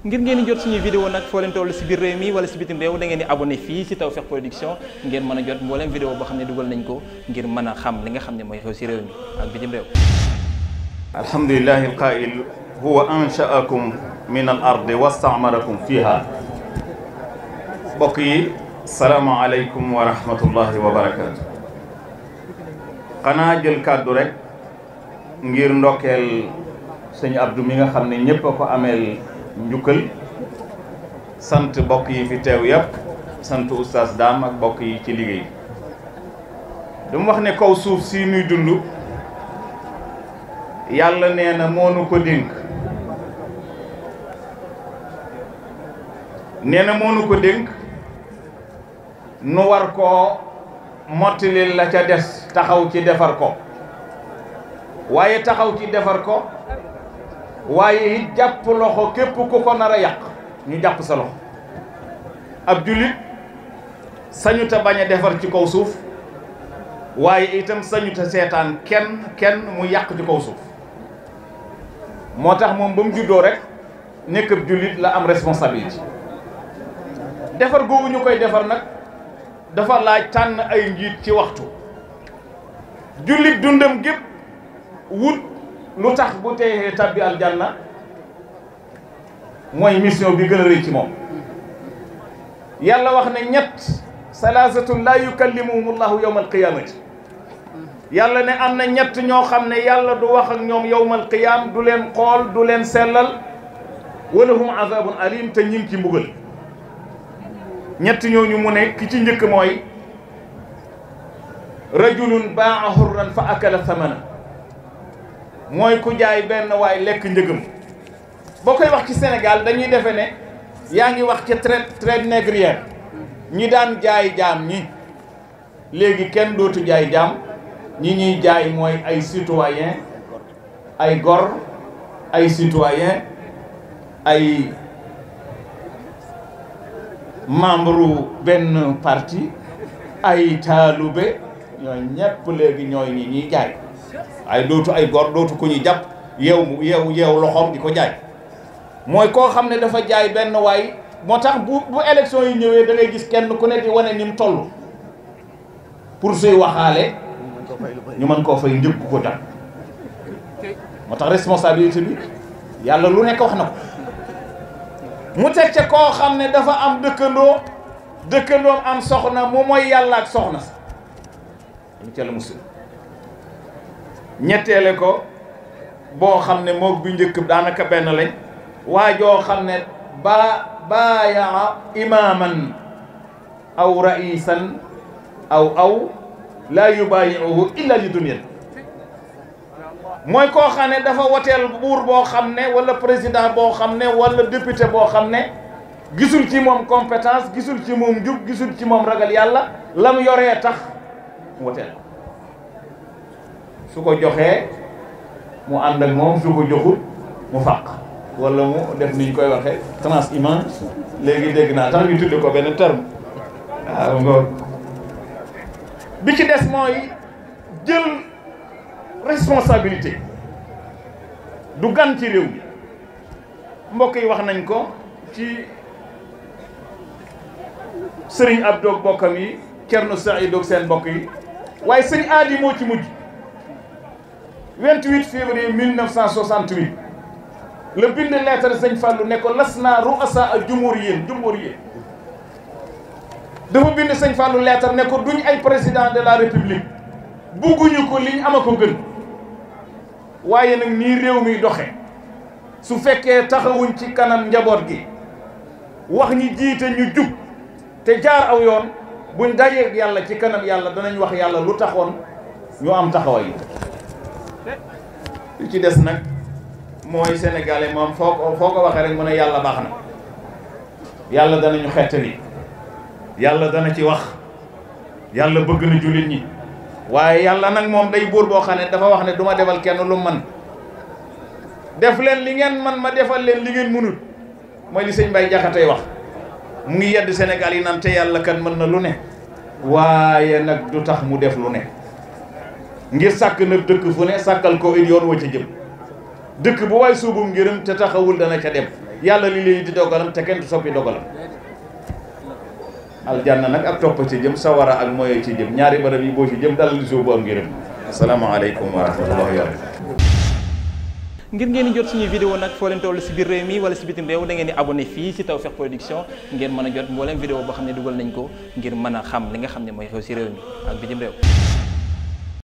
ngir ngeen di jot suñuy vidéo nag foo leen toll si biir réew mi wala si bitim réew da ngeen di abonné fii si Tawfekh Production ngeen mën a jot mbooleem vidéo boo xam ne dugal nañ ko ngir mën a xam li nga xam ne mooy xew si réew mi ak bitim réew alhamdulilahi alqail huwa anshaakum min al ardi wastaamarakum mbokk yi salaamaaleykum wa xanaa jël kàddu rek ngir ndokkeel sëñ Abdou nga xam ne ñépp ko ameel njukkal sant bokk yi fi teew yëpp sant oustaz Dame ak bokk yi ci liggéey dama wax ne kaw suuf si nuy dund yàlla nee na moo nu ko dénk nu ko dénk nu war koo mottali la ca des taxaw ci defar ko waaye taxaw ci defar ko waaye it jàpp loxo képp ku ko nar a yàq ñu jàpp sa loxo ab jullit sañuta bañ a defar ci kaw suuf waaye itam sañuta seetaan kenn kenn mu yàq ci kaw suuf moo tax moom ba mu juddoo rek nekk ab jullit la am responsabilité defar googu ñu koy defar nag dafa laaj tànn ay njiit ci waxtu jullit dundam gépp wut lu tax bu teexee tabbi aljanna mooy mission bi gën ci moom yàlla wax ne ñett salaasatun laa yukallimuhum allahu yawma alqiyamati yàlla ne am na ñett ñoo xam ne yàlla du wax ak ñoom yawmal qiyam du leen xool du leen sellal walahum azabun alim te ñi ngi ci mbugal ñett ñooñu mu ne ki ci njëkk mooy rajulun baa'a hurran fa akala thamana mooy ku jaay benn waay lekk njëgam boo koy wax ci Sénégal dañuy defe ne yaa ngi wax ci traite traite ñi daan jaay jaam ñi léegi kenn dootu jaay jaam ñi ñuy jaay mooy ay citoyen ay gor ay citoyen ay membre benn parti ay taalube ñooy ñepp léegi ñooy ñi ñuy jaay ay dootu ay gor dootu ko ñuy jàpp yeew mu yeew yeew loxoom di ko jaay mooy koo xam ne dafa jaay benn waay moo tax bu bu élection yi ñëwee da gis kenn ku ne di wane ni mu toll pour suy waxaale ñu man koo fay njëkk ko tax moo tax responsabilité bi yàlla lu nekk wax na ko mu teg ca koo xam ne dafa am dëkkandoo dëkkandoom am soxna mu mooy yàlla ak soxna sa mu ñetteele ko boo xam ne moo bu njëkk daanaka benn lañ waa joo xam ne baa baayaa imaaman aw raisan aw aw laa yubaayiuhu illa li dunya mooy koo xam ne dafa woteel buur boo xam ne wala président boo xam ne wala député boo xam ne gisul ci moom compétence gisul ci moom jub gisul ci moom ragal yàlla lam yoree tax woteel su ko joxee mu ànd ak moom su ko joxul mu fàq wala mu def ni ñu koy waxee transhumance léegi dégg naa tax ñu tudde ko benn terme waaw ngoor bi ci des mooy jël responsabilité du gan ci réew mi mbokk yi wax nañ ko ci sëriñ Abdou bokkam yi Cerno Saïd ak seen mbokk yi waaye sëñ aadi moo ci mujj 28 février 1968 la bind lettre sëñ Fallou ne ko las naa ruasa ak jumhur yéen jumhur yéen dafa bind sëñ Fallou lettre ne ko duñ ay président de la république bugguñu ko liñ ama ko gën waaye nag nii réew mi doxe su fekkee taxawuñ ci kanam njaboot gi wax ñi jiite ñu jub te jaar aw yoon buñ dajeeg yàlla ci kanam yàlla danañ wax yàlla lu taxoon ñu am taxawaay lu ci des nag mooy sénégalais moom foo ko foo ko waxee rek mu ne yàlla baax na yàlla danañu xettali yàlla dana ci wax yàlla bëgg na jullit ñi waaye yàlla nag moom day bóor boo xam ne dafa wax ne du ma defal kenn lu man def leen li ngeen man ma defal leen li ngeen mënut mooy li sëñ Baye Jaxatay wax mu ngi yedd Sénégal yi naan te yàlla kan mën na lu ne waaye nag du tax mu def lu ne ngir sàkk na dëkk fu ne sàkkal ko it yoon wa ca jëm dëkk bu waay suubum ngirum te taxawul dana ca dem yàlla li lay di dogalam te kenn du soppi dogalam na nag ak topp ci jëm sawara ak moyo ci jëm ñaari barab yi boo ci jëm dalal di suubu am ngirum asalaamaaleykum wa rahmatullahi wa ngir ngeen di jot suñuy vidéo nag foo leen toll si biir réew mi wala si bitim réew da ngeen di abonné fii si Tawfekh Production ngeen mën a jot mbooleem vidéo boo xam ne dugal nañ ko ngir mën a xam li nga xam ne mooy xew si réew mi ak bitim réew